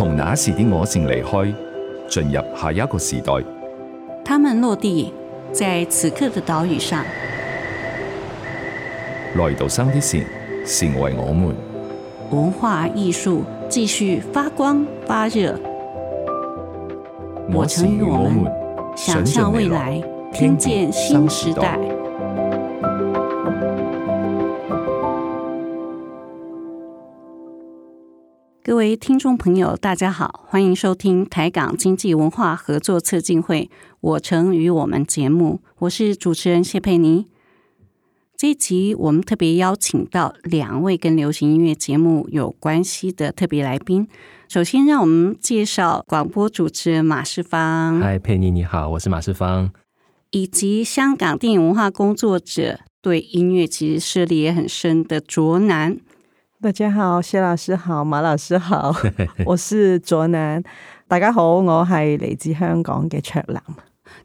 從那時的我城離開，進入下一個時代。他們落地在此刻的島嶼上，來到生的時，成為我們。文化藝術繼續發光發熱。我城與我們，想象未來，聽見新時代。各位聽眾朋友，大家好，歡迎收聽台港經濟文化合作策進會我城與我們節目，我是主持人謝佩霓。這一集我們特別邀請到兩位跟流行音樂節目有關係的特別來賓。首先，讓我們介紹廣播主持人馬世芳。嗨，佩霓，你好，我是馬世芳。以及香港電影文化工作者，對音樂其實涉獵也很深的卓男。大家好，謝老師好，馬老師好， 我是卓男。大家好，我係來自香港嘅卓男。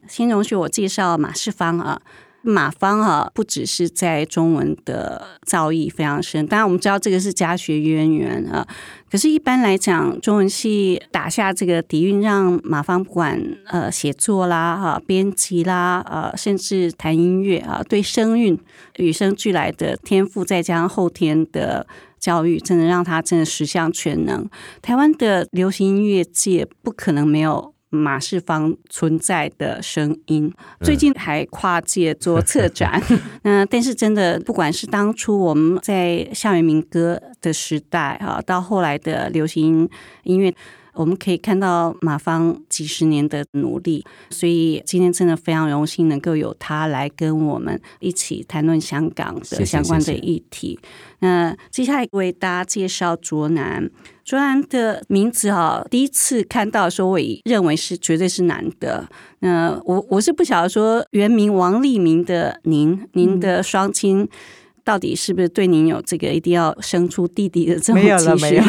先容許我介紹馬世芳啊，馬芳啊，不只是在中文的造詣非常深，當然我們知道這個是家學淵源啊。可是，一般來講，中文系打下這個底蘊，讓馬芳不管呃寫作啦、哈編輯啦、啊、呃，甚至談音樂啊，對聲韻與生俱來的天賦，再加上後天的。教育，真的讓他真的十項全能。台灣的流行音樂界不可能沒有馬世芳存在的聲音。最近還跨界做策展，那、 嗯、但是真的，不管是當初我們在校園民歌的時代啊，到後來的流行音樂。我們可以看到馬方幾十年的努力，所以今天真的非常榮幸能夠有他來跟我們一起談論香港的相關的議題。謝謝，謝謝。那，接下來為大家介紹卓男，卓男的名字啊，第一次看到說，我也認為是絕對是男的。那我我是不曉得說原名王立明的您，您的雙親。嗯到底是不是對您有這個一定要生出弟弟的這麼一個，沒有了，沒有。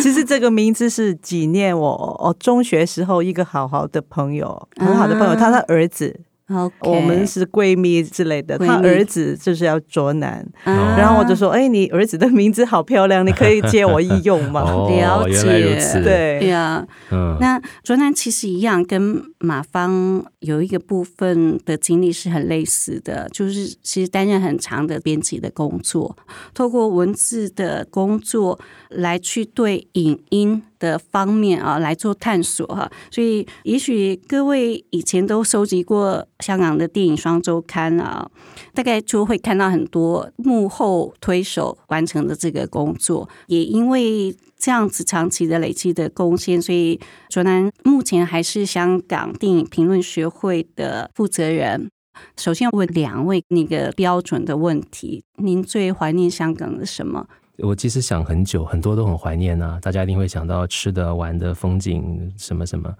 其實這個名字是紀念我我中學時候一個好好的朋友，很好，好的朋友，啊、他的兒子。Okay, 我們是閨蜜之類的，蜜他兒子就是要卓男。啊、然後我就說，哎、欸，你兒子的名字好漂亮，你可以借我一用嗎？很、 哦、了解，對呀。Yeah. 嗯、那卓男其實一樣，跟馬芳有一個部分的經歷是很類似的，就是其實擔任很長的編輯的工作，透過文字的工作來去對影音的方面啊，來做探索哈、啊，所以也許各位以前都收集過香港的電影雙周刊啊，大概就會看到很多幕後推手完成的這個工作。也因為這樣子長期的累積的貢獻，所以卓男目前還是香港電影評論學會的負責人。首先問兩位那個標準的問題：您最懷念香港的什麼？我其實想很久，很多都很懷念啊。大家一定會想到吃的、玩的、風景什麼什麼。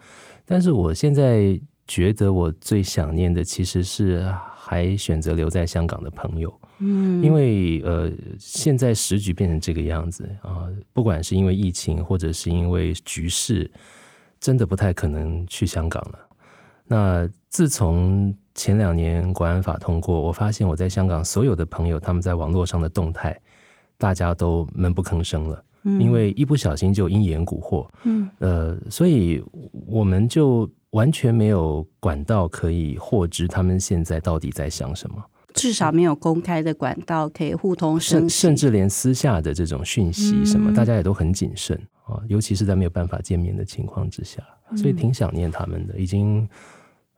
但是我現在覺得，我最想念的其實是還選擇留在香港的朋友。嗯，因為呃，現在時局變成這個樣子啊，呃，不管是因為疫情或者是因為局勢，真的不太可能去香港了。那自從前兩年國安法通過，我發現我在香港所有的朋友他們在網絡上的動態。大家都悶不吭聲了，因為一不小心就因言賈禍，嗯，呃，所以我們就完全沒有管道可以獲知他們現在到底在想什麼，至少沒有公開的管道可以互通聲息，甚至連私下的這種訊息什麼，嗯、大家也都很謹慎啊，尤其是在沒有辦法見面的情況之下，所以挺想念他們的，已經。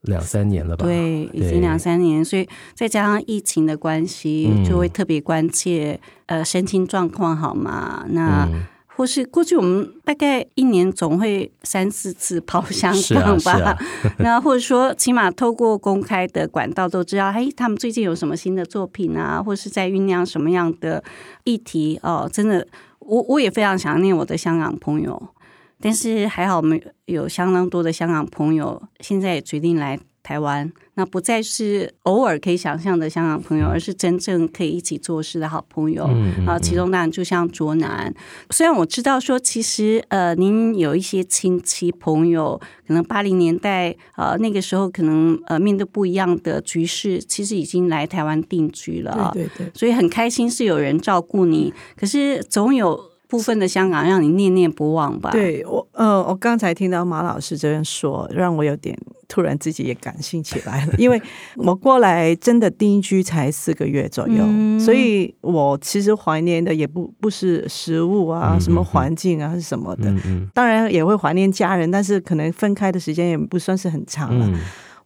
兩三年了吧？對，已經兩三年，對所以再加上疫情的關係，嗯、就會特別關切呃，身心狀況好嗎？那、嗯、或是過去我們大概一年總會三四次跑香港吧？啊啊、 那或者說起碼透過公開的管道都知道，哎，他們最近有什麼新的作品啊？或是在醞釀什麼樣的議題？哦，真的，我我也非常想念我的香港朋友。但是還好，我們有相當多的香港朋友，現在也決定來台灣。那不再是偶爾可以想象的香港朋友，而是真正可以一起做事的好朋友。啊、嗯嗯嗯，其中當然就像卓男。雖然我知道說，其實呃，您有一些親戚朋友，可能八零年代呃那個時候可能呃面對不一樣的局勢，其實已經來台灣定居了。對對對。所以很開心是有人照顧你，可是總有。部分的香港讓你念念不忘吧。對，我，呃，我剛才聽到馬老師這樣說，讓我有點突然自己也感性起來了。 因為我過來真的定居才四個月左右，嗯、所以我其實懷念的也不不是食物啊，嗯嗯嗯什麼環境啊，是什麼的。嗯嗯當然也會懷念家人，但是可能分開的時間也不算是很長了。嗯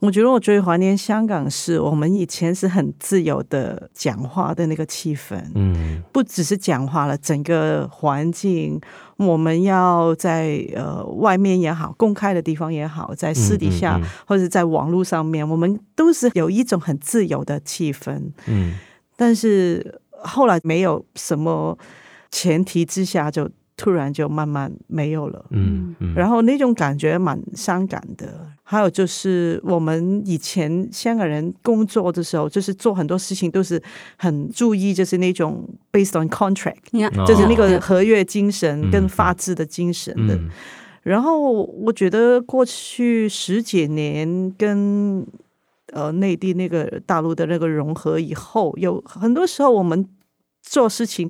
我覺得我最懷念香港是我們以前是很自由的講話的那個氣氛，嗯，不只是講話了，整個環境，我們要在呃外面也好，公開的地方也好，在私底下或者在網絡上面，我們都是有一種很自由的氣氛，嗯，但是後來沒有什麼前提之下就。突然就慢慢沒有了，嗯，嗯，然後那種感覺蠻傷感的。還有就是，我們以前香港人工作的時候，就是做很多事情都是很注意，就是那種 based on contract，嗯、就是那個合約精神跟法治的精神的。嗯嗯、然後我覺得過去十幾年跟呃內地那個大陸的那個融合以後，有很多時候我們做事情。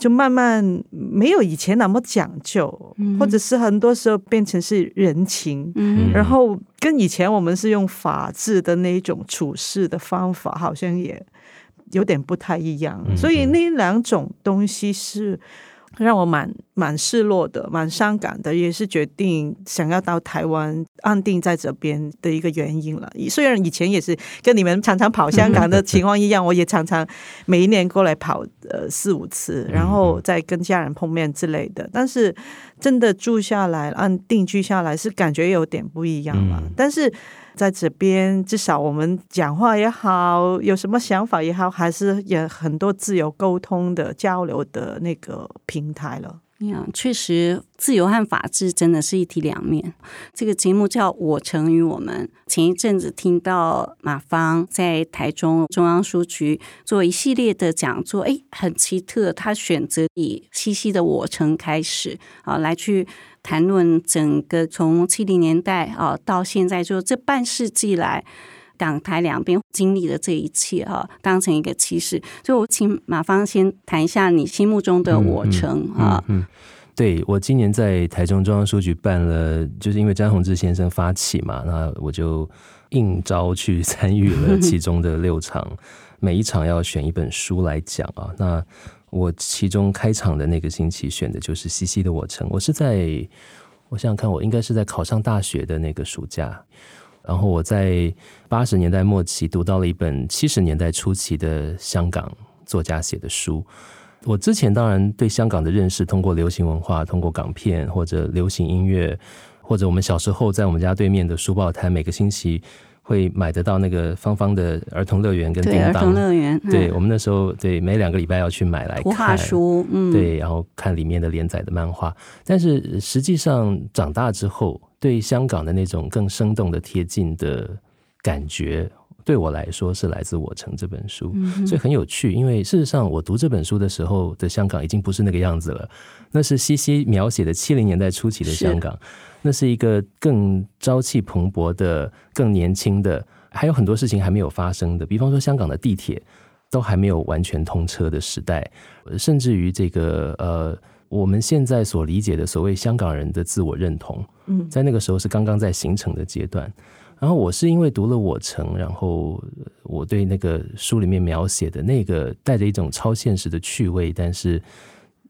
就慢慢沒有以前那麼講究，嗯、或者是很多時候變成是人情，嗯、然後跟以前我們是用法治的那種處事的方法，好像也有點不太一樣，嗯嗯，所以那兩種東西是。讓我蠻蠻失落的，蠻傷感的，也是決定想要到台灣安定在這邊的一個原因了。雖然以前也是跟你們常常跑香港的情況一樣， 我也常常每一年過來跑呃四五次，然後再跟家人碰面之類的。但是真的住下來，安定居下來，是感覺有點不一樣嘛。嗯、但是。在這邊，至少我們講話也好，有什麼想法也好，還是有很多自由溝通的交流的那個平台了。啊，確實，自由和法治真的是一體兩面。這個節目叫《我城與我們》，前一陣子聽到馬芳在台中中央書局做一系列的講座，哎，很奇特，他選擇以西西的《我城》開始啊，來去。談論整個從七零年代啊到現在，就這半世紀來港台兩邊經歷了這一切啊，當成一個趨勢。所以，我請馬芳先談一下你心目中的我城啊、嗯嗯嗯嗯。對，我今年在台中中央書局辦了，就是因為詹宏志先生發起嘛，那我就應招去參與了其中的六場， 每一場要選一本書來講啊，那。我其中開場的那個星期選的就是《西西的我城》。我是在，我想想看，我應該是在考上大學的那個暑假。然後我在八十年代末期讀到了一本七十年代初期的香港作家寫的書。我之前當然對香港的認識，通過流行文化，通過港片或者流行音樂，或者我們小時候在我們家對面的書報攤，每個星期，會買得到那個方方的兒童樂園跟叮噹對、嗯、對我們那時候對每兩個禮拜要去買來看圖畫書，嗯，對，然後看裡面的連載的漫畫。但是實際上長大之後，對香港的那種更生動的、貼近的感覺。對我來說是來自《我城》這本書，嗯、哼所以很有趣。因為事實上，我讀這本書的時候的香港已經不是那個樣子了。那是西西描寫的七零年代初期的香港，是那是一個更朝氣蓬勃的、更年輕的，還有很多事情還沒有發生的。比方說，香港的地鐵都還沒有完全通車的時代，甚至於這個呃，我們現在所理解的所謂香港人的自我認同，在那個時候是剛剛在形成的階段。嗯然後我是因為讀了《我城》，然後我對那個書裡面描寫的那個帶着一種超現實的趣味，但是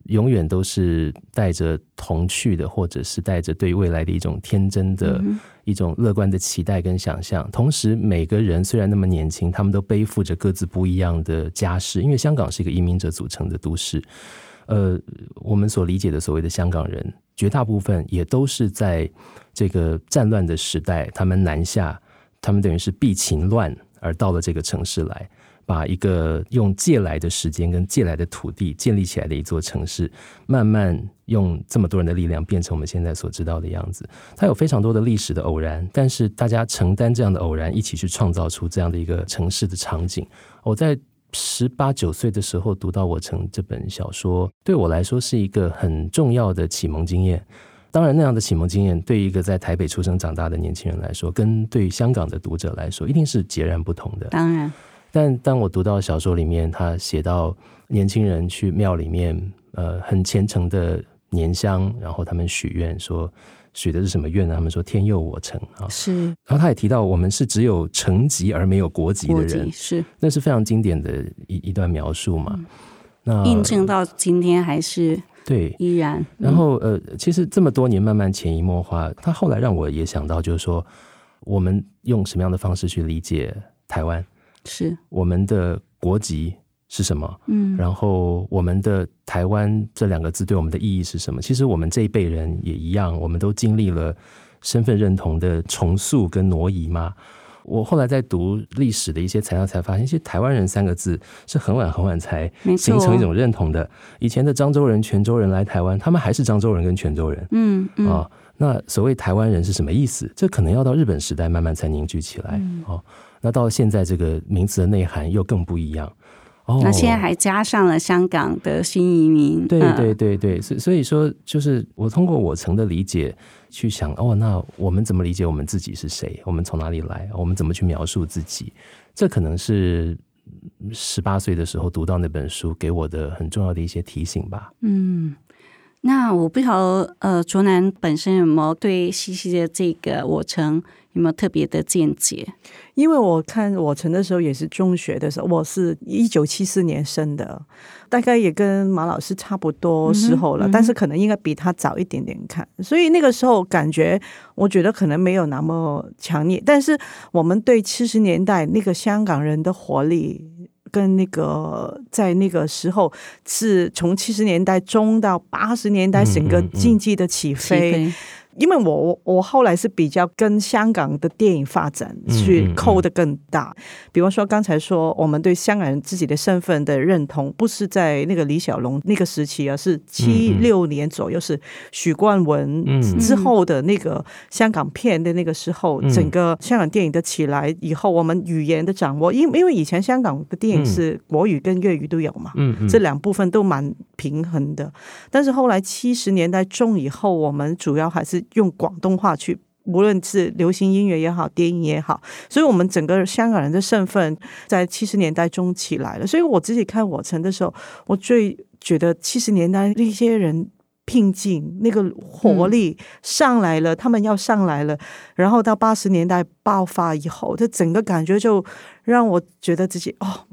永遠都是帶着童趣的，或者是帶着對未來的一種天真的、嗯、哼一種樂觀的期待跟想象。同時，每個人雖然那麼年輕，他們都背負着各自不一樣的家世，因為香港是一個移民者組成的都市。呃，我們所理解的所謂的香港人。絕大部分也都是在這個戰亂的時代，他們南下，他們等於是避秦亂而到了這個城市來，把一個用借來的時間跟借來的土地建立起來的一座城市，慢慢用這麼多人的力量變成我們現在所知道的樣子。它有非常多的歷史的偶然，但是大家承擔這樣的偶然，一起去創造出這樣的一個城市的場景。我在。十八九歲的時候讀到我城這本小說，對我來說是一個很重要的啟蒙經驗。當然，那樣的啟蒙經驗對一個在台北出生長大的年輕人來說，跟對於香港的讀者來說，一定是截然不同的。當然，但當我讀到小說裡面，他寫到年輕人去廟裡面，呃，很虔誠的。年香，然後他們許願說，許的是什麼願呢？他們說天佑我城啊。是，然後他也提到，我們是只有城籍而沒有國籍的人。國籍是，那是非常經典的一一段描述嘛。嗯、那印證到今天還是對，依然。嗯、然後呃，其實這麼多年慢慢潛移默化，他後來讓我也想到，就是說，我們用什麼樣的方式去理解台灣？是我們的國籍。是什麼？嗯，然後我們的台灣這兩個字對我們的意義是什麼？其實我們這一輩人也一樣，我們都經歷了身份認同的重塑跟挪移嘛。我後來在讀歷史的一些材料，才發現其實“台灣人”三個字是很晚很晚才形成一種認同的。哦、以前的漳州人、泉州人來台灣，他們還是漳州人跟泉州人。嗯啊、嗯哦，那所謂“台灣人”是什麼意思？這可能要到日本時代慢慢才凝聚起來。嗯、哦，那到現在這個名詞的內涵又更不一樣。那現在還加上了香港的新移民，對對對對，所所以說就是我通過我城的理解去想，哦，那我們怎麼理解我們自己是誰？我們從哪裡來？我們怎麼去描述自己？這可能是十八歲的時候讀到那本書給我的很重要的一些提醒吧。嗯，那我不曉呃卓男本身有沒有對西西的這個我城有沒有特別的見解？因為我看我城的時候也是中學的時候，我是一九七四年生的，大概也跟馬老師差不多時候了，嗯嗯、但是可能應該比他早一點點看，所以那個時候感覺，我覺得可能沒有那麼強烈，但是我們對七十年代那個香港人的活力，跟那個在那個時候是從七十年代中到八十年代整個經濟的起飛。嗯嗯嗯。起飛。因為我我我後來是比較跟香港的電影發展去扣得更大，嗯嗯、比方說剛才說我們對香港人自己的身份的認同，不是在那個李小龍那個時期啊，是七六年左右，嗯、是許冠文之後的那個香港片的那個時候，嗯、整個香港電影的起來以後，我們語言的掌握，因因為以前香港的電影是國語跟粵語都有嘛，嗯嗯、這兩部分都蠻平衡的，但是後來七十年代中以後，我們主要還是。用廣東話去，無論是流行音樂也好，電影也好，所以我們整個香港人的身份在七十年代中起來了。所以我自己看我城的時候，我最覺得七十年代那些人拼勁，那個活力，嗯，上來了，他們要上來了。然後到八十年代爆發以後，這整個感覺就讓我覺得自己哦。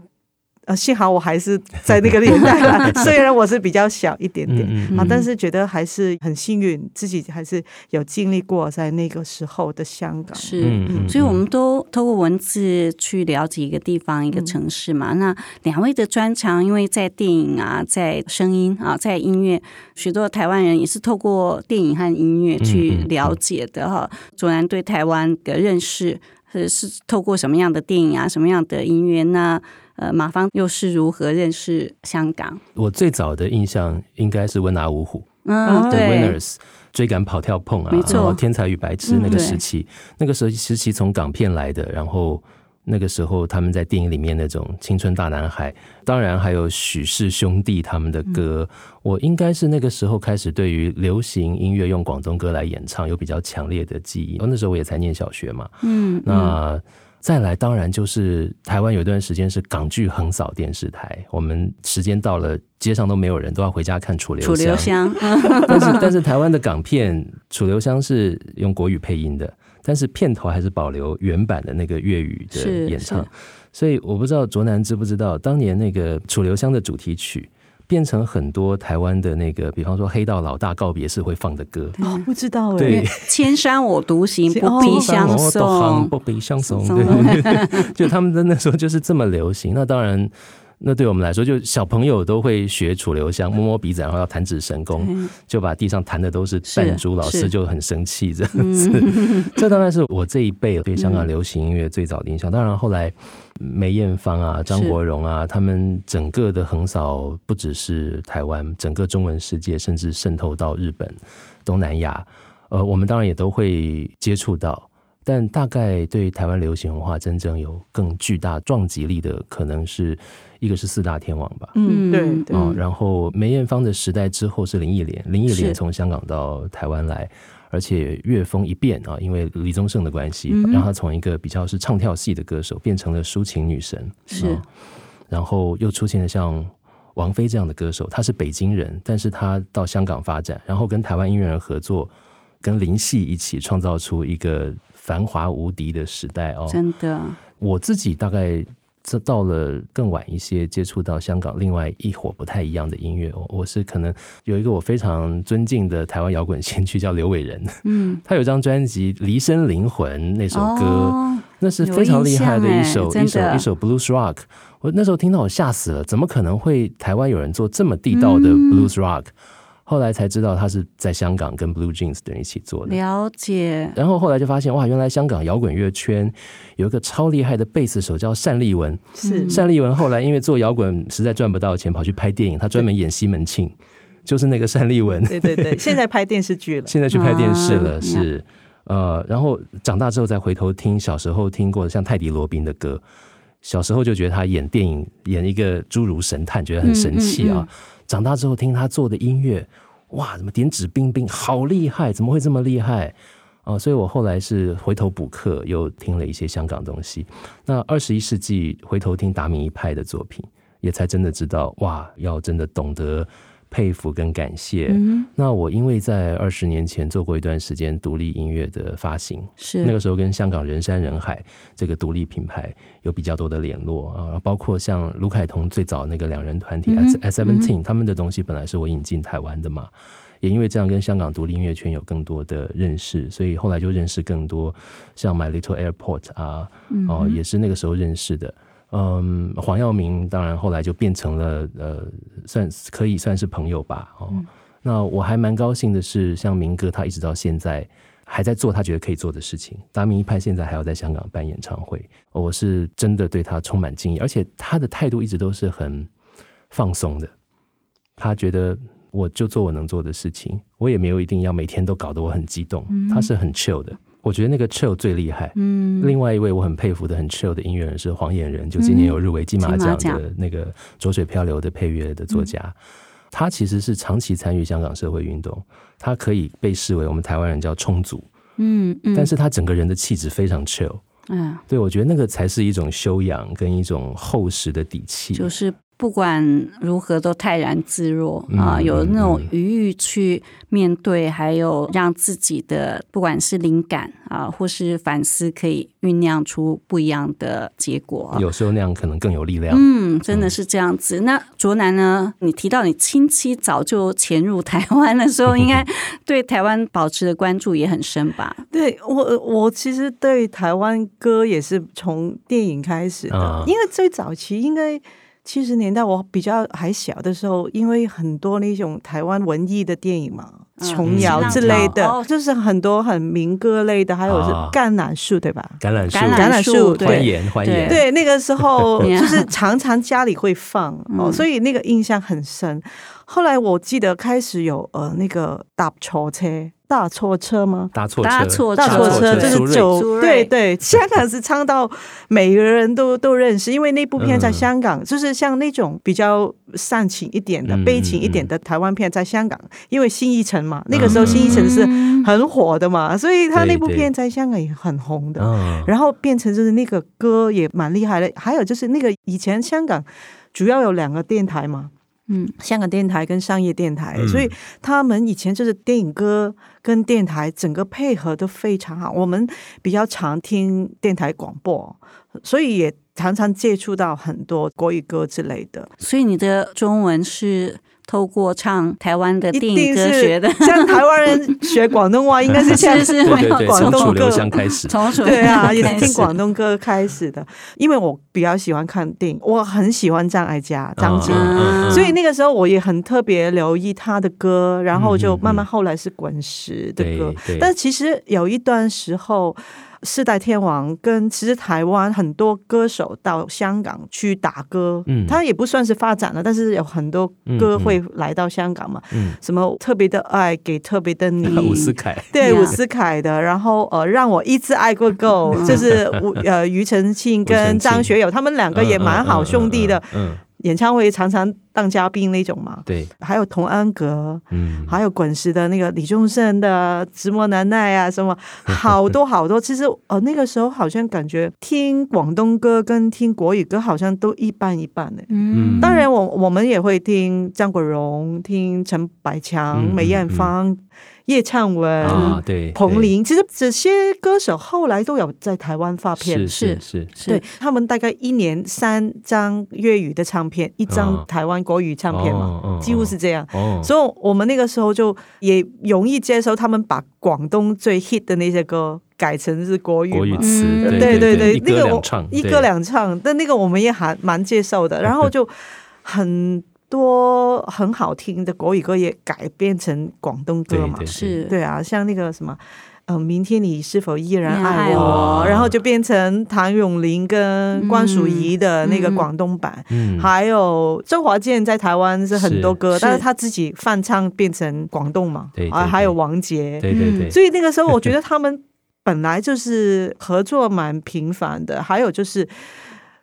幸好我還是在那個年代了， 雖然我是比較小一點點嗯嗯嗯啊，但是覺得還是很幸運，自己還是有經歷過在那個時候的香港。是，所以我們都透過文字去了解一個地方、一個城市嘛。嗯嗯，那兩位的專長，因為在電影啊，在聲音啊，在音樂，許多台灣人也是透過電影和音樂去了解的哈。嗯嗯嗯，卓男對台灣的認識，是是透過什麼樣的電影啊，什麼樣的音樂呢？呃，馬芳又是如何認識香港？我最早的印象應該是溫拿五虎，嗯 Winners 追趕跑跳碰啊，沒錯然後天才與白痴、嗯、那個時期，對那個時期從港片來的，然後那個時候他們在電影裡面那種青春大男孩，當然還有許氏兄弟他們的歌，嗯、我應該是那個時候開始對於流行音樂用廣東歌來演唱有比較強烈的記憶，嗯、那時候我也才念小學嘛，嗯，那。再來，當然就是台灣有一段時間是港劇橫掃電視台，我們時間到了，街上都沒有人，都要回家看《楚留香》。 但是，但是台灣的港片《楚留香》是用國語配音的，但是片頭還是保留原版的那個粵語的演唱。是是所以，我不知道卓男知不知道當年那個《楚留香》的主題曲。變成很多台灣的那個，比方說黑道老大告別式會放的歌對哦，不知道了對，千山我獨行，不必 相送，不必 相送，對， 就他們在那時候就是這麼流行，那當然。那對我們來說，就小朋友都會學楚留香，摸摸鼻子，然後要彈指神功，對就把地上彈的都是彈珠，老師就很生氣這樣子。嗯、這當然是我這一輩對香港流行音樂最早的印象。嗯、當然後來梅艷芳啊、張國榮啊，是他們整個的橫掃不只是台灣，整個中文世界，甚至滲透到日本、東南亞。呃，我們當然也都會接觸到，但大概對台灣流行文化真正有更巨大撞擊力的，可能是。一個是四大天王吧，嗯，對，對、嗯。嗯、然後梅艷芳的時代之後是林憶蓮，林憶蓮從香港到台灣來，是而且樂風一變啊，因為李宗盛的關係，讓她從一個比較是唱跳系的歌手變成了抒情女神，是、嗯。然後又出現了像王菲這樣的歌手，她是北京人，但是她到香港發展，然後跟台灣音樂人合作，跟林夕一起創造出一個繁華無敵的時代哦，真的。我自己大概。這到了更晚一些，接觸到香港另外一夥不太一樣的音樂。我我是可能有一個我非常尊敬的台灣搖滾先驅叫劉偉仁。他、嗯、有一張專輯《離身靈魂》那首歌，哦、那是非常厲害的一首一首一首 blues rock。我那時候聽到我嚇死了，怎麼可能會台灣有人做這麼地道的 blues rock？嗯嗯後來才知道他是在香港跟 Blue Jeans 等人一起做的。了解。然後後來就發現，哇，原來香港搖滾樂圈有一個超厲害的貝斯手叫單立文。是。單立文後來因為做搖滾實在賺不到錢，跑去拍電影。他專門演西門慶，對就是那個單立文。對對對。現在拍電視劇了。現在去拍電視了，嗯、是。呃，然後長大之後再回頭聽小時候聽過像泰迪羅賓的歌，小時候就覺得他演電影演一個侏儒神探，覺得很神奇啊。嗯嗯嗯長大之後聽他做的音樂，哇，怎麼點指兵兵好厲害？怎麼會這麼厲害？啊、哦，所以我後來是回頭補課，又聽了一些香港東西。那二十一世紀回頭聽達明一派的作品，也才真的知道，哇，要真的懂得。佩服跟感謝。那我因為在二十年前做過一段時間獨立音樂的發行，是，那個時候跟香港人山人海這個獨立品牌有比較多的聯絡啊，包括像盧凱彤最早那個兩人團體 S Seventeen，他們的東西本來是我引進台灣的嘛，也因為這樣跟香港獨立音樂圈有更多的認識，所以後來就認識更多，像 My Little Airport 啊，哦也是那個時候認識的。嗯，黃耀明當然後來就變成了呃，算可以算是朋友吧。哦，嗯、那我還蠻高興的是，像明哥他一直到現在還在做他覺得可以做的事情。達明一派現在還要在香港辦演唱會，我是真的對他充滿敬意，而且他的態度一直都是很放鬆的。他覺得我就做我能做的事情，我也沒有一定要每天都搞得我很激動。嗯、他是很 chill 的。我覺得那個 chill 最厲害。嗯，另外一位我很佩服的很 chill 的音樂人是黃衍仁，就今年有入圍金馬獎的那個《濁水漂流》的配樂的作家，嗯，他其實是長期參與香港社會運動，他可以被視為我們台灣人叫“衝組”嗯。嗯，但是他整個人的氣質非常 chill。嗯，對，我覺得那個才是一種修養跟一種厚實的底氣。就是。不管如何，都泰然自若、嗯、啊，有那種餘裕去面對，還有讓自己的不管是靈感啊，或是反思，可以醞釀出不一樣的結果。有時候那樣可能更有力量。嗯，真的是這樣子。嗯、那卓男呢？你提到你親戚早就潛入台灣的時候， 應該對台灣保持的關注也很深吧？對我，我其實對台灣歌也是從電影開始的，嗯、因為最早期應該。七十年代，我比較還小的時候，因為很多那種台灣文藝的電影嘛，瓊瑤、嗯、之類的，嗯、就是很多很民歌類的，哦、還有是橄欖樹，對吧？橄欖樹，橄欖樹，歡顏、歡顏。對，那個時候就是常常家裡會放， 哦、所以那個印象很深。後來我記得開始有呃那個搭錯車搭錯車嗎？搭錯車搭錯車就是走對對，香港是唱到每個人都都認識，因為那部片在香港就是像那種比較煽情一點的、悲情一點的台灣片，在香港因為新藝城嘛，那個時候新藝城是很火的嘛，所以他那部片在香港也很紅的。然後變成就是那個歌也蠻厲害的，還有就是那個以前香港主要有兩個電台嘛。嗯，香港電台跟商業電台，嗯、所以他們以前就是電影歌跟電台整個配合都非常好。我們比較常聽電台廣播，所以也常常接觸到很多國語歌之類的。所以你的中文是……透過唱台灣的電影歌學的，像台灣人學廣東話，應該是從廣東歌。 對對對，從楚留香開始。 從楚留香開始，對啊，也是聽廣東歌開始的。 因為我比較喜歡看電影，我很喜歡張艾嘉、張杰，嗯嗯嗯嗯，所以那個時候我也很特別留意他的歌，然後就慢慢後來是滾石的歌。嗯嗯，但其實有一段時候。四大天王跟其實台灣很多歌手到香港去打歌，嗯、他也不算是發展了，但是有很多歌會來到香港嘛，嗯嗯、什麼特別的愛給特別的你，伍思凱，對伍思凱的，然後呃讓我一次愛個夠，嗯、就是呃庾澄慶跟張學友他們兩個也蠻好兄弟的。嗯嗯嗯嗯演唱會常常當嘉賓那種嘛，對，還有童安格，嗯，還有滾石的那個李宗盛的《寂寞難耐》啊，什麼好多好多。 其實哦、呃、那個時候好像感覺聽廣東歌跟聽國語歌好像都一半一半呢。嗯，當然我我們也會聽張國榮、聽陳百強、梅豔芳。嗯嗯葉倩文對，彭羚。其實這些歌手後來都有在台灣發片，是是是，對，他們大概一年三張粵語的唱片，一張台灣國語唱片嘛，幾乎是這樣。所以我們那個時候就也容易接受他們把廣東最 hit 的那些歌改成是國語國語詞，對對對，那個我一歌兩唱，一歌兩唱，但那個我們也還蠻接受的，然後就很。多很好聽的國語歌也改編成廣東歌嘛，是對，對，對，對啊，像那個什麼，嗯、呃，明天你是否依然愛我，嗯、然後就變成譚詠麟跟關淑怡的那個廣東版，嗯嗯嗯、還有周華健在台灣是很多歌，是但是他自己翻唱變成廣東嘛，是啊，對對對還有王杰，對對對，所以那個時候我覺得他們本來就是合作蠻頻繁的，對對還有就是。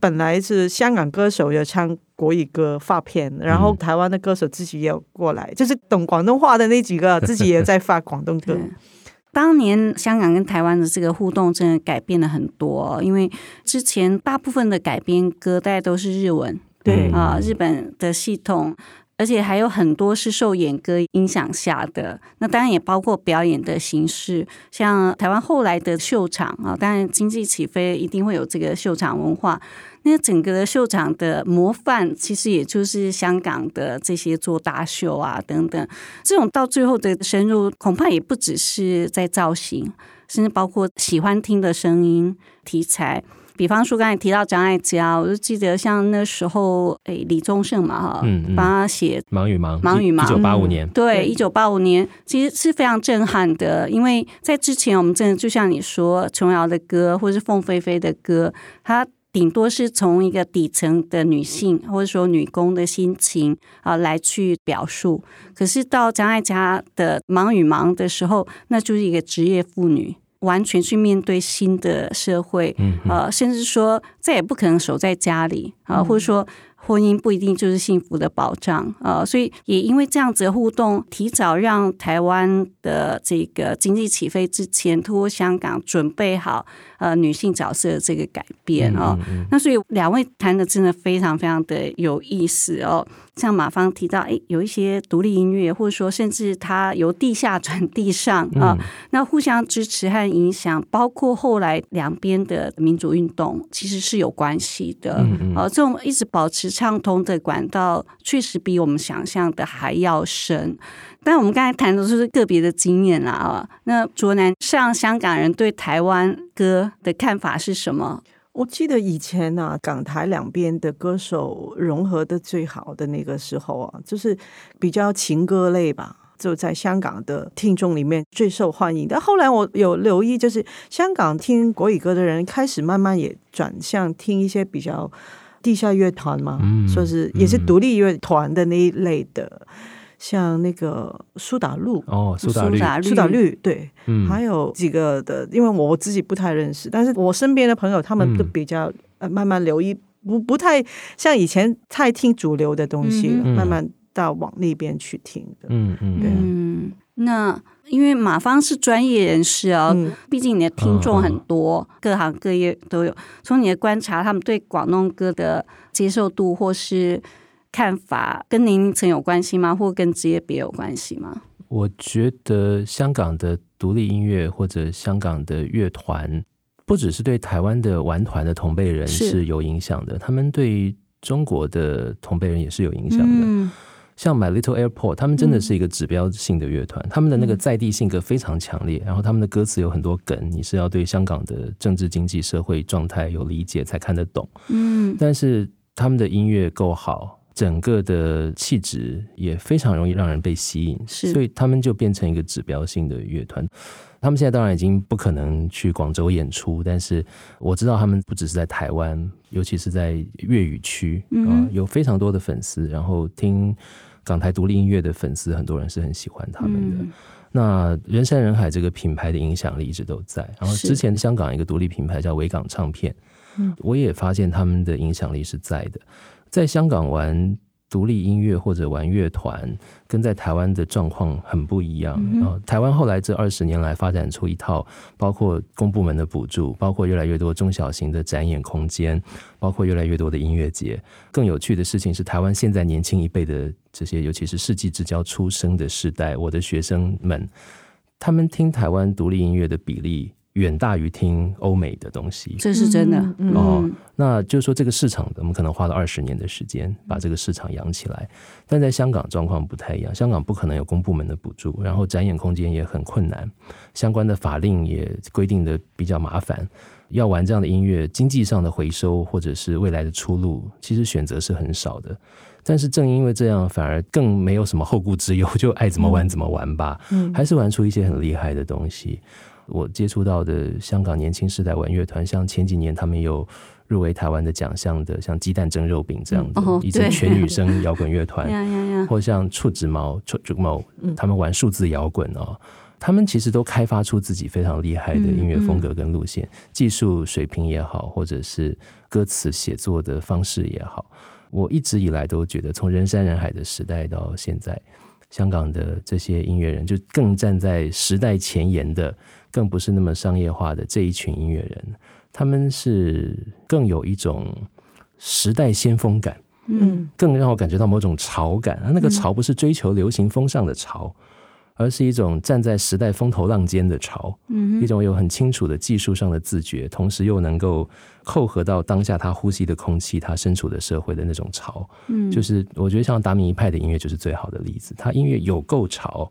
本來是香港歌手有唱國語歌發片，然後台灣的歌手自己也有過來，就是懂廣東話的那幾個自己也在發廣東歌。 當年香港跟台灣的這個互動真的改變了很多哦，因為之前大部分的改編歌大概都是日文，對啊，呃，日本的系統，而且還有很多是受演歌影響下的。那當然也包括表演的形式，像台灣後來的秀場啊，當然經濟起飛一定會有這個秀場文化。那整個的秀場的模範，其實也就是香港的這些做大秀啊等等，這種到最後的深入，恐怕也不只是在造型，甚至包括喜歡聽的聲音題材。比方說剛才提到張艾嘉、啊，我就記得像那時候，哎，李宗盛嘛，哈、嗯，嗯、幫他寫《忙與盲》。忙與盲，一九八五年、嗯。對，一九八五年其實是非常震撼的，嗯、因為在之前我們真的就像你說，瓊瑤的歌或是鳳飛飛的歌，他。頂多是從一個底層的女性，或者說女工的心情啊，來去表述。可是到張艾嘉的忙與盲的時候，那就是一個職業婦女，完全去面對新的社會，呃、甚至說再也不可能守在家裡啊，或者說婚姻不一定就是幸福的保障啊、呃。所以也因為這樣子的互動，提早讓台灣的這個經濟起飛之前，通過香港準備好。呃，女性角色這個改變哦，嗯嗯、那所以兩位談得真的非常非常的有意思哦。像馬芳提到，誒，有一些獨立音樂，或者說甚至它由地下轉地上啊、嗯哦，那互相支持和影響，包括後來兩邊的民主運動，其實是有關係的。呃、嗯，這、嗯、種、哦、一直保持暢通的管道，確實比我們想象的還要深。但我們剛才談的就是個別的經驗啦啊。那卓男，像香港人對台灣歌的看法是什麼？我記得以前啊，港台兩邊的歌手融合的最好的那個時候啊，就是比較情歌類吧，就在香港的聽眾裡面最受歡迎。但後來我有留意，就是香港聽國語歌的人開始慢慢也轉向聽一些比較地下樂團嘛，mm hmm. 說是也是獨立樂團的那一類的。像那個蘇打綠哦，蘇打綠，蘇打綠，對，嗯、還有幾個的，因為我自己不太認識，但是我身邊的朋友他們都比較呃，慢慢留意，嗯、不不太像以前太聽主流的東西了，嗯、哼慢慢到往那邊去聽的，嗯哼對嗯。那因為馬芳是專業人士啊、哦，嗯、畢竟你的聽眾很多，嗯、各行各業都有。從你的觀察，他們對廣東歌的接受度，或是。看法跟年齡層有關係嗎？或跟職業別有關係嗎？我覺得香港的獨立音樂或者香港的樂團，不只是對台灣的玩團的同輩人是有影響的，是他們對中國的同輩人也是有影響的。嗯、像 My Little Airport，他們真的是一個指標性的樂團，嗯、他們的那個在地性格非常強烈，嗯、然後他們的歌詞有很多梗，你是要對香港的政治經濟社會狀態有理解才看得懂。嗯，但是他們的音樂夠好。整個的氣質也非常容易讓人被吸引，是所以他們就變成一個指標性的樂團。他們現在當然已經不可能去廣州演出，但是我知道他們不只是在台灣，尤其是在粵語區啊、嗯嗯，有非常多的粉絲。然後聽港台獨立音樂的粉絲，很多人是很喜歡他們的。嗯、那人山人海這個品牌的影響力一直都在。然後之前香港一個獨立品牌叫維港唱片，是我也發現他們的影響力是在的。在香港玩獨立音樂或者玩樂團，跟在台灣的狀況很不一樣。然後，台灣後來這二十年來發展出一套，包括公部門的補助，包括越來越多中小型的展演空間，包括越來越多的音樂節。更有趣的事情是，台灣現在年輕一輩的這些，尤其是世紀之交出生的世代，我的學生們，他們聽台灣獨立音樂的比例，遠大於聽歐美的東西，這是真的哦。嗯，那就是說，這個市場我們可能花了二十年的時間把這個市場養起來，但在香港狀況不太一樣。香港不可能有公部門的補助，然後展演空間也很困難，相關的法令也規定的比較麻煩。要玩這樣的音樂，經濟上的回收或者是未來的出路，其實選擇是很少的。但是正因為這樣，反而更沒有什麼後顧之憂，就愛怎麼玩怎麼玩吧。嗯，還是玩出一些很厲害的東西。我接觸到的香港年輕世代玩樂團，像前幾年他們有入圍台灣的獎項的，像雞蛋蒸肉餅這樣子，嗯哦、一支全女生搖滾樂團，嗯嗯嗯、或像觸執毛、觸執毛，嗯、他們玩數字搖滾哦，他們其實都開發出自己非常厲害的音樂風格跟路線，嗯嗯、技術水平也好，或者是歌詞寫作的方式也好，我一直以來都覺得，從人山人海的時代到現在，香港的這些音樂人就更站在時代前沿的。更不是那麼商業化的這一群音樂人，他們是更有一種時代先鋒感，嗯，更讓我感覺到某種潮感。啊、那個潮不是追求流行風尚的潮，嗯、而是一種站在時代風頭浪尖的潮，嗯哼，一種有很清楚的技術上的自覺，同時又能夠扣合到當下他呼吸的空氣、他身處的社會的那種潮。嗯，就是我覺得像達明一派的音樂就是最好的例子，他音樂有夠潮。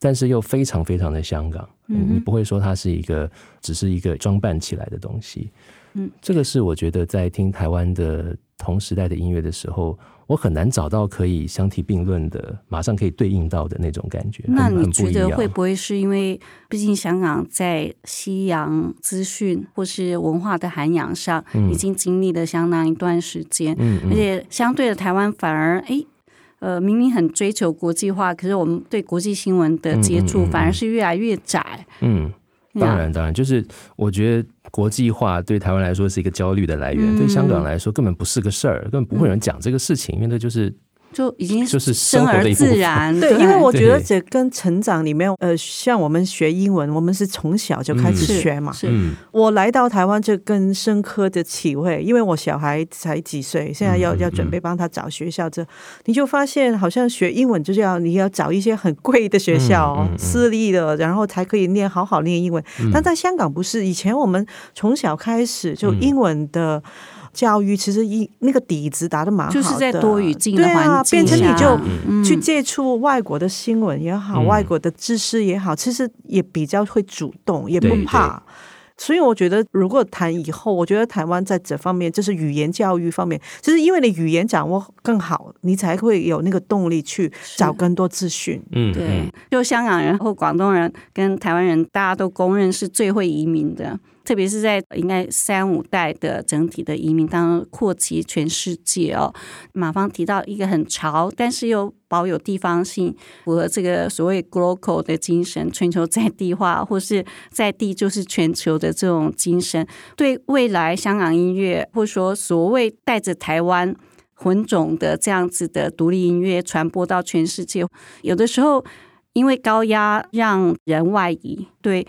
但是又非常非常的香港，嗯哼，你不會說它是一個只是一個裝扮起來的東西，嗯，這個是我覺得在聽台灣的同時代的音樂的時候，我很難找到可以相提並論的，馬上可以對應到的那種感覺。那你覺得會不會是因為，畢竟香港在西洋資訊或是文化的涵養上，已經經歷了相當一段時間，嗯嗯，而且相對的台灣反而哎。欸呃，明明很追求國際化，可是我們對國際新聞的接觸反而是越來越窄。嗯，嗯，嗯，當然 Yeah. 當然，就是我覺得國際化對台灣來說是一個焦慮的來源，嗯、對香港來說根本不是個事兒，根本不會有人講這個事情，嗯、因為那就是。就已經就是生而自然，對，對，因為我覺得這跟成長裡面，呃，像我們學英文，我們是從小就開始學嘛。嗯、是，是我來到台灣，就更深刻的體會，因為我小孩才幾歲，現在要要準備幫他找學校，嗯嗯、這你就發現，好像學英文就是要你要找一些很貴的學校，嗯嗯嗯、私立的，然後才可以念好好念英文。嗯、但在香港不是，以前我們從小開始就英文的、嗯。教育其實一那個底子打得蠻好的，就是在多語境的環境，對、啊、變成你就去接觸外國的新聞也好，嗯、外國的知識也好，嗯、其實也比較會主動，也不怕。對對，所以我覺得，如果談以後，我覺得台灣在這方面，就是語言教育方面，就是因為你語言掌握更好，你才會有那個動力去找更多資訊。嗯，對，就香港人或廣東人跟台灣人，大家都公認是最會移民的。特別是在應該三五代的整體的移民當中，擴及全世界哦。馬芳提到一個很潮，但是又保有地方性，符合這個所謂 Glocal 的精神，全球在地化，或是在地就是全球的這種精神，對未來香港音樂，或說所謂帶着台灣混種的這樣子的獨立音樂傳播到全世界，有的時候因為高壓讓人外移，對。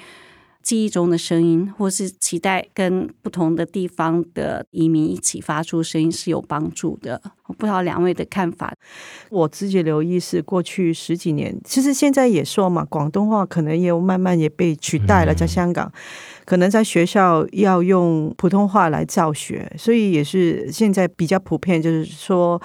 記憶中的聲音，或是期待跟不同的地方的移民一起發出聲音是有幫助的。我不知道兩位的看法。我自己留意是過去十幾年，其實現在也說嘛，廣東話可能也慢慢也被取代了，在香港， 可能在學校要用普通話來教學，所以也是現在比較普遍，就是說。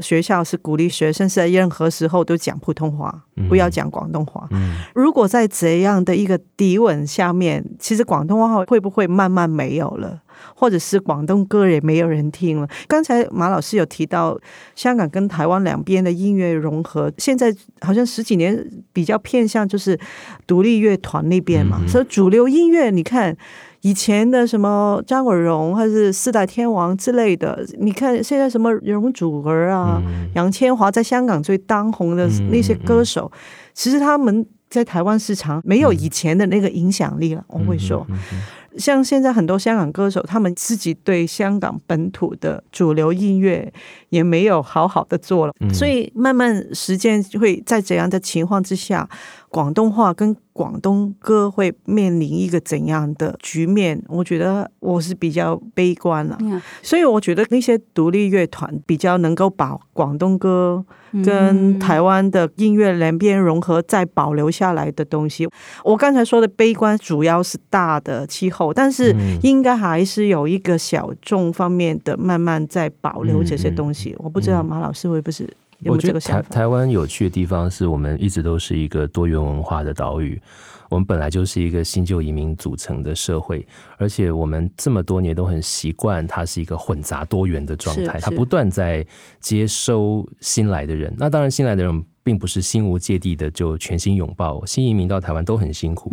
學校是鼓勵學生在任何時候都講普通話，嗯、不要講廣東話。嗯、如果在這樣的一個底文下面，其實廣東話會不會慢慢沒有了，或者是廣東歌也沒有人聽了？剛才馬老師有提到香港跟台灣兩邊的音樂融合，現在好像十幾年比較偏向就是獨立樂團那邊嘛，嗯、所以主流音樂你看。以前的什麼張國榮還是四大天王之類的，你看現在什麼容祖兒啊、嗯、楊千嬅，在香港最當紅的那些歌手，嗯、其實他們在台灣市場沒有以前的那個影響力了，嗯、我會說。嗯嗯嗯嗯像現在很多香港歌手，他們自己對香港本土的主流音樂也沒有好好的做了，嗯、所以慢慢時間會在怎樣的情況之下，廣東話跟廣東歌會面臨一個怎樣的局面？我覺得我是比較悲觀了，嗯、所以我覺得那些獨立樂團比較能夠把廣東歌跟台灣的音樂兩邊融合，再保留下來的東西，我剛才說的悲觀主要是大的氣候，但是應該還是有一個小眾方面的慢慢在保留這些東西。嗯嗯嗯、我不知道馬老師會不會是。有有，我覺得台台灣有趣的地方是我們一直都是一個多元文化的島嶼，我們本來就是一個新舊移民組成的社會，而且我們這麼多年都很習慣它是一個混雜多元的狀態，它不斷在接收新來的人。那當然新來的人並不是心無芥蒂的就全心擁抱，新移民到台灣都很辛苦，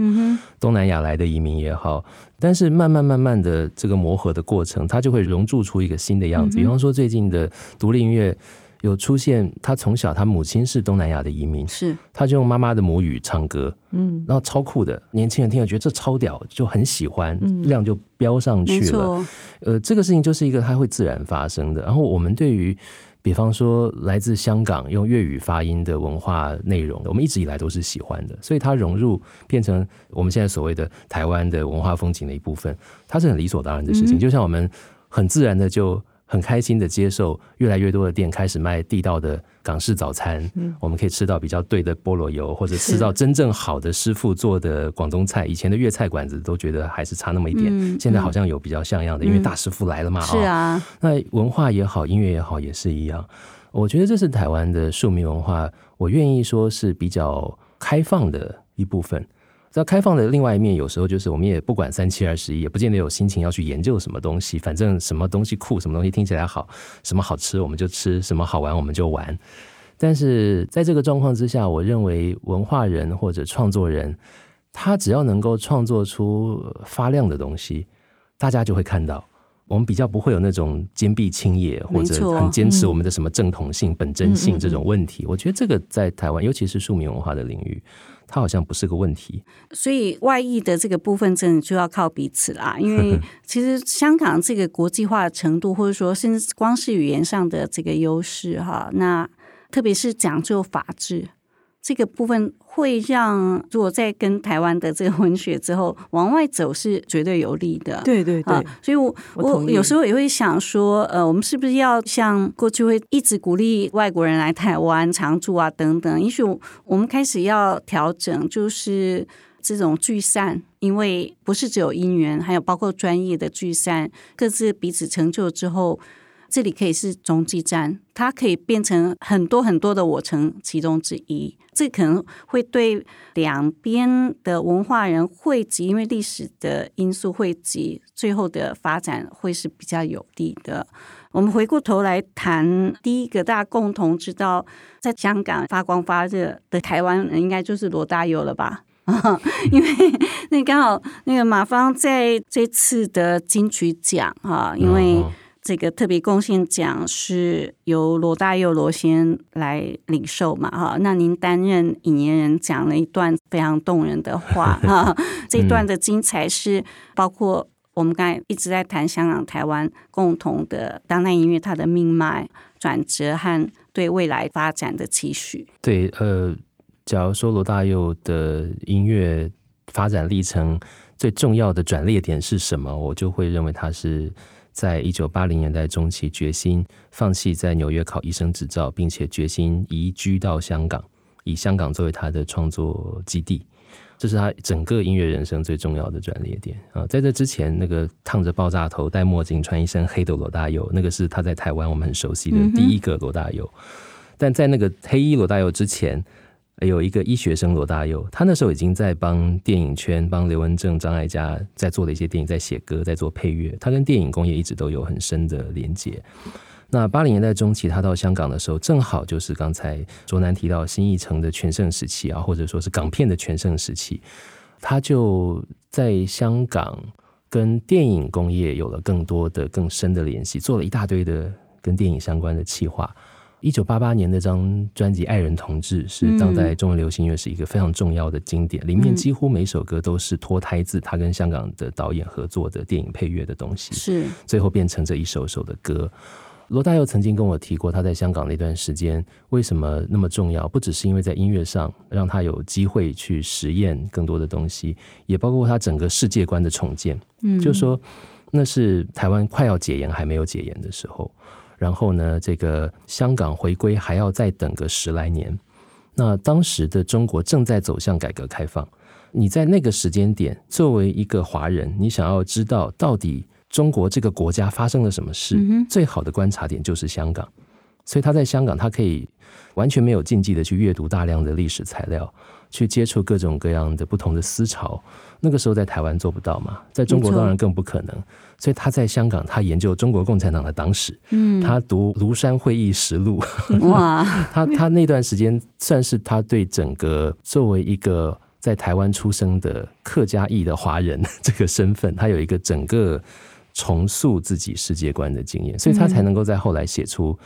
東南亞來的移民也好，但是慢慢慢慢的這個磨合的過程，它就會熔鑄出一個新的樣子。比方說最近的獨立音樂。有出現，他從小他母親是東南亞的移民，是他就用媽媽的母語唱歌，嗯，然後超酷的，年輕人聽了覺得這超屌，就很喜歡，量就飆上去了。嗯、呃，這個事情就是一個它會自然發生的。然後我們對於，比方說來自香港用粵語發音的文化內容，我們一直以來都是喜歡的，所以它融入變成我們現在所謂的台灣的文化風景的一部分，它是很理所當然的事情。嗯、就像我們很自然的就。很開心的接受越來越多的店開始賣地道的港式早餐，嗯、我們可以吃到比較對的菠蘿油，或者吃到真正好的師傅做的廣東菜。是。以前的粵菜館子都覺得還是差那麼一點，嗯、現在好像有比較像樣的，嗯、因為大師傅來了嘛。嗯哦、是啊，那文化也好，音樂也好，也是一樣。我覺得這是台灣的庶民文化，我願意說是比較開放的一部分。在開放的另外一面，有時候就是我們也不管三七二十一，也不見得有心情要去研究什麼東西。反正什麼東西酷，什麼東西聽起來好，什麼好吃我們就吃，什麼好玩我們就玩。但是在這個狀況之下，我認為文化人或者創作人，他只要能夠創作出發亮的東西，大家就會看到。我們比較不會有那種堅壁清野或者很堅持我們的什麼正統性、嗯、本真性這種問題。我覺得這個在台灣，尤其是庶民文化的領域。它好像不是個問題，所以外溢的這個部分真的就要靠彼此啦。因為其實香港這個國際化程度，或者說甚至光是語言上的這個優勢哈，那特別是講究法治。這個部分會讓，如果在跟台灣的這個混血之後往外走，是絕對有利的。對對對，啊、所以我我，我有時候也會想說，呃，我們是不是要像過去會一直鼓勵外國人來台灣常住啊等等？也許我們開始要調整，就是這種聚散，因為不是只有姻緣，還有包括專業的聚散，各自彼此成就之後。這裡可以是中繼站，它可以變成很多很多的我城其中之一。這可能會對兩邊的文化人匯集，因為歷史的因素匯集，最後的發展會是比較有利的。我們回過頭來談第一個，大家共同知道，在香港發光發熱的台灣人，應該就是羅大佑了吧？ 因為那剛好那個馬芳在這次的金曲獎哈，因為。這個特別貢獻獎是由羅大佑、羅先來領受嘛？哈，那您擔任引言人，講了一段非常動人的話。哈， 這段的精彩是包括我們剛才一直在談香港、台灣共同的當代音樂，它的命脈、轉折和對未來發展的期許。對，呃，假如說羅大佑的音樂發展歷程最重要的轉捩點是什麼，我就會認為他是。在一九八零年代中期，決心放棄在紐約考醫生執照，並且決心移居到香港，以香港作為他的創作基地。這是他整個音樂人生最重要的轉折點啊！在這之前，那個燙着爆炸頭、戴墨鏡、穿一身黑的羅大佑，那個是他在台灣我們很熟悉的第一個羅大佑。嗯、哼但在那個黑衣羅大佑之前。有一個醫學生羅大佑，他那時候已經在幫電影圈幫劉文正、張艾嘉在做的一些電影，在寫歌，在做配樂。他跟電影工業一直都有很深的連接。那八零年代中期，他到香港的時候，正好就是剛才卓男提到新藝城的全盛時期啊，或者說是港片的全盛時期，他就在香港跟電影工業有了更多的、更深的聯繫，做了一大堆的跟電影相關的企劃。一九八八年那張專輯《愛人同志》是當代中文流行音樂是一個非常重要的經典，嗯、裡面幾乎每首歌都是脫胎自他跟香港的導演合作的電影配樂的東西，是最後變成這一首首的歌。羅大佑曾經跟我提過，他在香港那段時間為什麼那麼重要，不只是因為在音樂上讓他有機會去實驗更多的東西，也包括他整個世界觀的重建。嗯、就說那是台灣快要解嚴還沒有解嚴的時候。然後呢，這個香港回歸還要再等個十來年。那當時的中國正在走向改革開放。你在那個時間點，作為一個華人，你想要知道到底中國這個國家發生了什麼事，最好的觀察點就是香港。所以他在香港，他可以完全沒有禁忌的去閱讀大量的歷史材料，去接觸各種各樣的不同的思潮。那個時候在台灣做不到嘛，在中國當然更不可能。沒錯。所以他在香港，他研究中國共產黨的黨史，嗯，他讀廬山會議實錄，哇， 他他那段時間算是他對整個作為一個在台灣出生的客家裔的華人這個身份，他有一個整個。重塑自己世界觀的經驗，所以他才能夠在後來寫出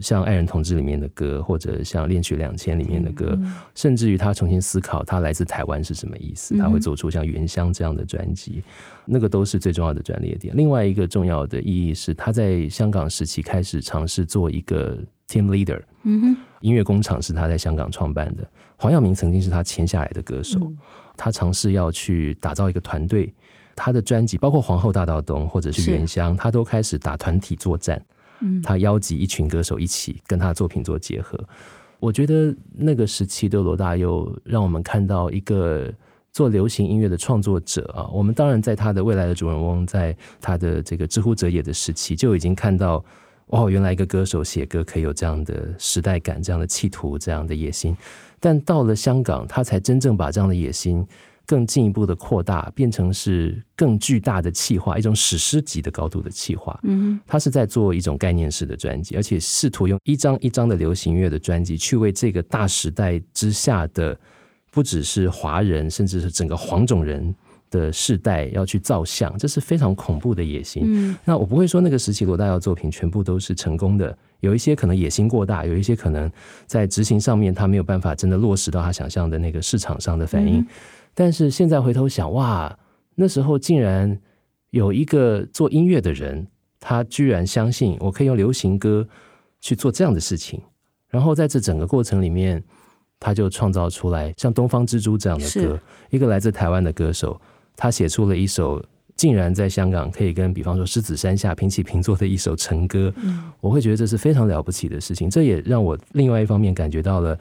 像《愛人同志》裡面的歌，或者像《戀曲兩千》裡面的歌，嗯、甚至於他重新思考他來自台灣是什麼意思，嗯、他會做出像《原鄉》這樣的專輯，嗯、那個都是最重要的轉折點。另外一個重要的意義是，他在香港時期開始嘗試做一個 team leader，嗯、音樂工廠是他在香港創辦的，黃耀明曾經是他簽下來的歌手，嗯、他嘗試要去打造一個團隊。他的專輯包括《皇後大道東》或者是《原鄉是》，他都開始打團體作戰。嗯，他邀集一群歌手一起跟他作品做結合。我覺得那個時期的羅大佑，讓我們看到一個做流行音樂的創作者啊。我們當然在他的未來的主人翁，在他的這個“之乎者也”的時期，就已經看到哇，原來一個歌手寫歌可以有這樣的時代感、這樣的企圖、這樣的野心。但到了香港，他才真正把這樣的野心。更進一步的擴大，變成是更巨大的企劃，一種史詩級的高度的企劃。嗯，他是在做一種概念式的專輯，而且試圖用一張一張的流行音樂的專輯去為這個大時代之下的，不只是華人，甚至是整個黃種人的世代要去造像，這是非常恐怖的野心。嗯，那我不會說那個時期羅大佑作品全部都是成功的，有一些可能野心過大，有一些可能在執行上面他沒有辦法真的落實到他想象的那個市場上的反應。嗯但是現在回頭想，哇，那時候竟然有一個做音樂的人，他居然相信我可以用流行歌去做這樣的事情。然後在這整個過程裡面，他就創造出來像《東方之珠》這樣的歌，是一個來自台灣的歌手，他寫出了一首竟然在香港可以跟比方說獅子山下平起平坐的一首成歌。嗯，我會覺得這是非常了不起的事情。這也讓我另外一方面感覺到了。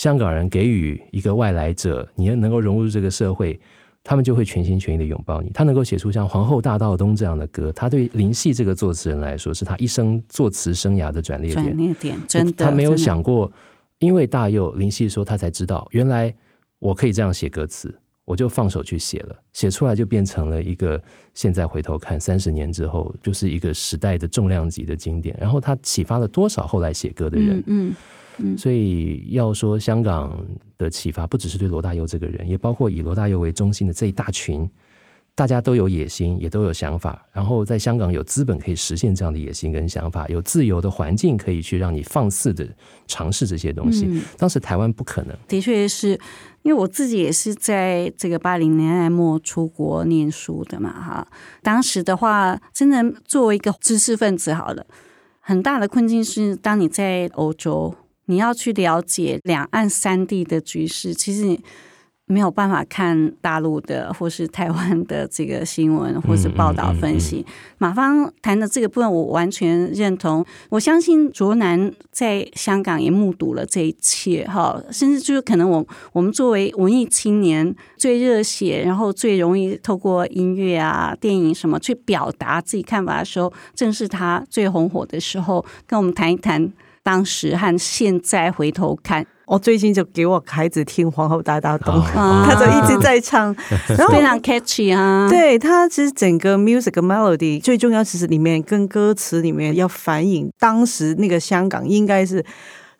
香港人給予一個外來者，你要能夠融入這個社會，他們就會全心全意的擁抱你。他能夠寫出像《皇後大道東》這樣的歌，他對林夕這個作詞人來說，是他一生作詞生涯的轉捩點。轉捩點，真的。他沒有想過，真的。因為大佑林夕說，他才知道原來我可以這樣寫歌詞，我就放手去寫了。寫出來就變成了一個現在回頭看，三十年之後就是一個時代的重量級的經典。然後他啟發了多少後來寫歌的人？嗯。嗯。所以要說香港的啟發，不只是對羅大佑這個人，也包括以羅大佑為中心的這一大群，大家都有野心，也都有想法，然後在香港有資本可以實現這樣的野心跟想法，有自由的環境可以去讓你放肆地嘗試這些東西。當時台灣不可能，嗯，的確是因為我自己也是在這個八零年代末出國唸書的嘛，哈，當時的話，真的作為一個知識分子，好了，很大的困境是當你在歐洲。你要去了解兩岸三地的局勢，其實你沒有辦法看大陸的或是台灣的這個新聞或是報道分析。嗯嗯嗯、馬芳談的這個部分，我完全認同。我相信卓男在香港也目睹了這一切，哈，甚至就是可能我我們作為文藝青年最熱血，然後最容易透過音樂啊、電影什麼去表達自己看法的時候，正是他最紅火的時候。跟我們談一談。當時和現在回頭看，我最近就給我孩子聽《皇後大道東》，oh, 他就一直在唱， 非常 catchy 哈、啊。對，他其實整個 music melody 最重要，其實裡面跟歌詞裡面要反映當時那個香港，應該是。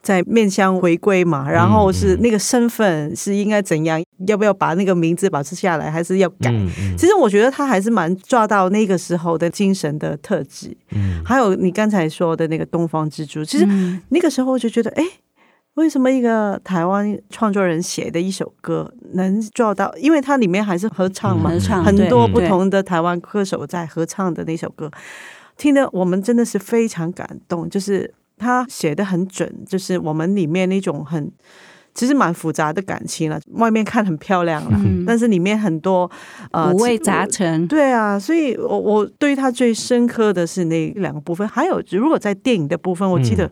在面向回歸嘛，然後是那個身份是應該怎樣？嗯、要不要把那個名字保持下來，還是要改？嗯嗯、其實我覺得他還是蠻抓到那個時候的精神的特質。嗯、還有你剛才說的那個東方之珠，其實那個時候就覺得，哎、嗯欸，為什麼一個台灣創作人寫的一首歌能抓到？因為它裡面還是合唱嘛，嗯、唱很多不同的台灣歌手在合唱的那首歌，嗯、聽得我們真的是非常感動，就是。他寫得很準，就是我們裡面那種很其實蠻複雜的感情了，外面看很漂亮了，嗯、但是裡面很多五味、呃、雜陳。對啊，所以我我對他最深刻的是那兩個部分。還有，如果在電影的部分，嗯、我記得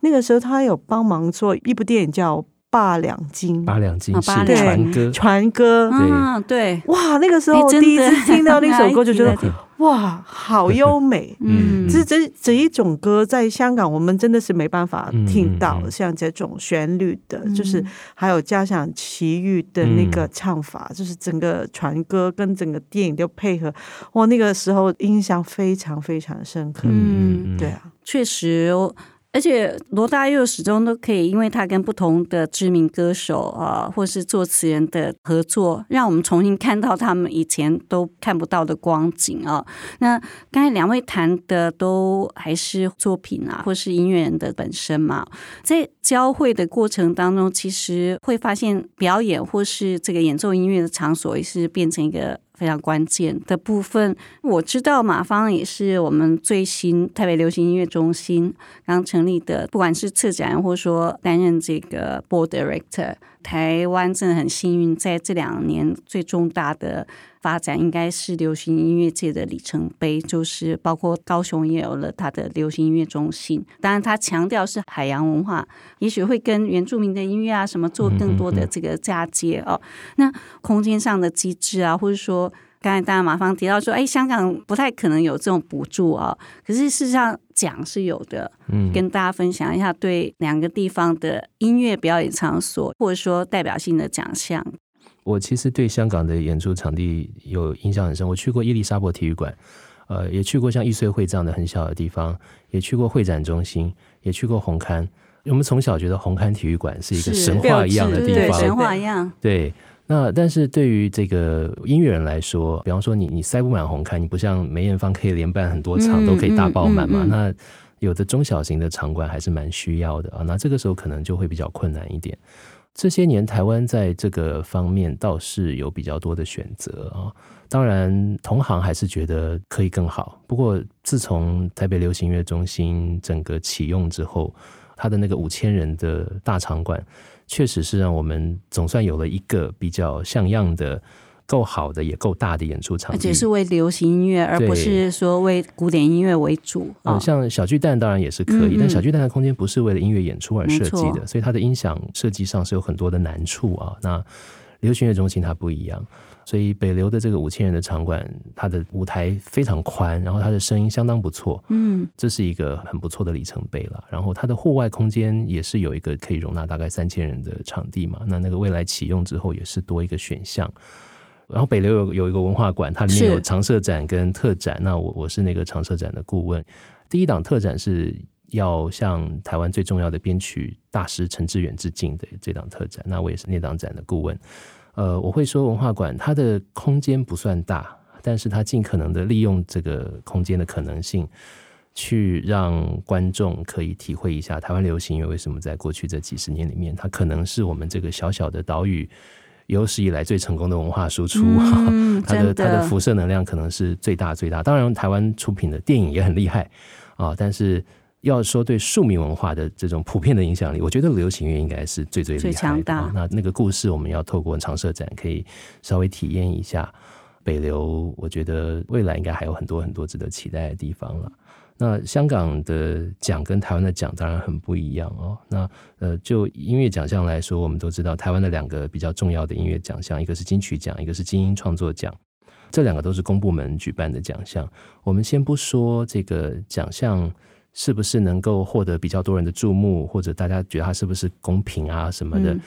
那個時候他有幫忙做一部電影叫《八兩金》，八兩金是船對歌，船歌、嗯。對。哇，那個時候第一次聽到那首歌就覺得。 哇，好優美！ 嗯，這這這一種歌在香港，我們真的是沒辦法聽到像這種旋律的，嗯、就是還有加上奇遇的那個唱法，嗯、就是整個船歌跟整個電影的配合，我那個時候印象非常非常深刻。嗯，對啊，確實、哦。而且羅大佑始終都可以，因為他跟不同的知名歌手啊，或是作詞人的合作，讓我們重新看到他們以前都看不到的光景啊。那剛才兩位談的都還是作品啊，或是音樂人的本身嘛，在交匯的過程當中，其實會發現表演或是這個演奏音樂的場所也是變成一個。非常關鍵的部分，我知道馬芳也是我們最新台北流行音樂中心剛成立的，不管是策展或者說擔任這個 board director，台灣真的很幸運，在這兩年最重大的。發展應該是流行音樂界的里程碑，就是包括高雄也有了它的流行音樂中心。當然，它強調是海洋文化，也許會跟原住民的音樂啊什麼做更多的這個嫁接。嗯嗯嗯哦。那空間上的機制啊，或者說剛才大家馬世芳提到說，哎，香港不太可能有這種補助啊。可是事實上獎是有的，嗯，嗯，跟大家分享一下對兩個地方的音樂表演場所，或者說代表性的獎項。我其實對香港的演出場地有印象很深，我去過伊利沙伯體育館，呃，也去過像藝穗會這樣的很小的地方，也去過會展中心，也去過紅磡。我們從小覺得紅磡體育館是一個神話一樣的地方，對，神話一樣。對，那但是對於這個音樂人來說，比方說你你塞不滿紅磡，你不像梅艷芳可以連辦很多場都可以大爆滿嘛。嗯嗯嗯嗯、那有的中小型的場館還是蠻需要的啊。那這個時候可能就會比較困難一點。這些年，台灣在這個方面倒是有比較多的選擇啊。當然，同行還是覺得可以更好。不過，自從台北流行樂中心整個啟用之後，它的那個五千人的大場館，確實是讓我們總算有了一個比較像樣的。夠好的也夠大的演出場地，而且是為流行音樂，對而不是說為古典音樂為主。哦、像小巨蛋當然也是可以，嗯嗯，但小巨蛋的空間不是為了音樂演出而設計的，沒錯所以它的音響設計上是有很多的難處啊。那流行音樂中心它不一樣，所以北流的這個五千人的場館，它的舞台非常寬，然後它的聲音相當不錯。嗯，這是一個很不錯的里程碑了。嗯、然後它的戶外空間也是有一個可以容納大概三千人的場地嘛，那那個未來啟用之後也是多一個選項。然後北流有有一個文化館，它裡面有常設展跟特展。是那我我是那個常設展的顧問。第一檔特展是要向台灣最重要的編曲大師陳志遠致敬的這檔特展。那我也是那檔展的顧問。呃，我會說文化館它的空間不算大，但是它盡可能的利用這個空間的可能性，去讓觀眾可以體會一下台灣流行音樂為什麼在過去這幾十年裡面，它可能是我們這個小小的島嶼，有史以來最成功的文化輸出，它、嗯、的它的、的輻射能量可能是最大最大。當然，台灣出品的電影也很厲害啊，但是要說對庶民文化的這種普遍的影響力，我覺得流行樂應該是最最厲害的。那、啊、那個故事，我們要透過常設展可以稍微體驗一下北流。我覺得未來應該還有很多很多值得期待的地方了。那香港的獎跟台灣的獎當然很不一樣哦。那呃，就音樂獎項來說，我們都知道台灣的兩個比較重要的音樂獎項，一個是金曲獎，一個是金音創作獎。這兩個都是公部門舉辦的獎項。我們先不說這個獎項是不是能夠獲得比較多人的注目，或者大家覺得它是不是公平啊什麼的。嗯、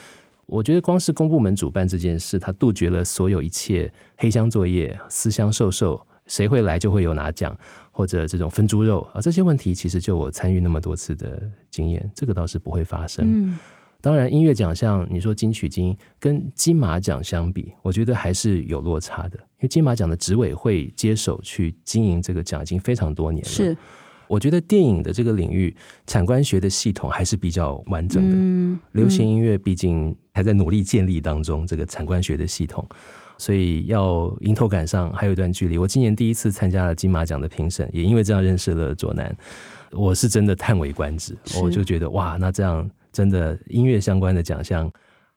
我覺得光是公部門主辦這件事，它杜絕了所有一切黑箱作業、私相授受，誰會來就會有拿獎。或者這種分豬肉啊，這些問題其實就我參與那麼多次的經驗，這個倒是不會發生。嗯、當然，音樂獎項，你說金曲金跟金馬獎相比，我覺得還是有落差的，因為金馬獎的執委會接手去經營這個獎已經非常多年了。是，我覺得電影的這個領域，產官學的系統還是比較完整的。嗯嗯、流行音樂畢竟還在努力建立當中，這個產官學的系統。所以要迎頭趕上，還有一段距離。我今年第一次參加了金馬獎的評審，也因為這樣認識了卓男。我是真的嘆為觀止，是我就覺得哇，那這樣真的音樂相關的獎項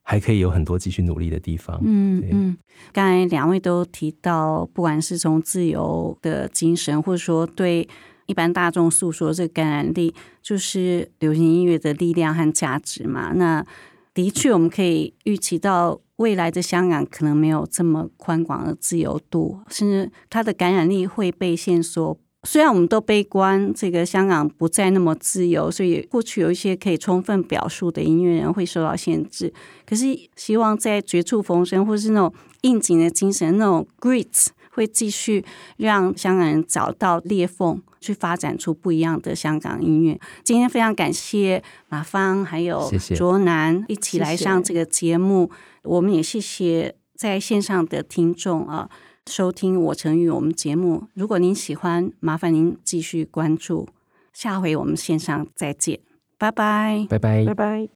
還可以有很多繼續努力的地方。嗯對嗯，剛才兩位都提到，不管是從自由的精神，或者說對一般大眾訴說這個感染力，就是流行音樂的力量和價值嘛。那的確，我們可以預期到。未來的香港可能沒有這麼寬廣的自由度，甚至它的感染力會被限縮。雖然我們都悲觀，這個香港不再那麼自由，所以過去有一些可以充分表述的音樂人會受到限制。可是，希望在絕處逢生，或是那種應景的精神，那種 greet 會繼續讓香港人找到裂縫，去發展出不一樣的香港音樂。今天非常感謝馬芳還有卓男一起來上這個節目，謝謝我們也謝謝在線上的聽眾啊，收聽我城與我們節目。如果您喜歡，麻煩您繼續關注，下回我們線上再見，拜、拜，拜拜，拜拜。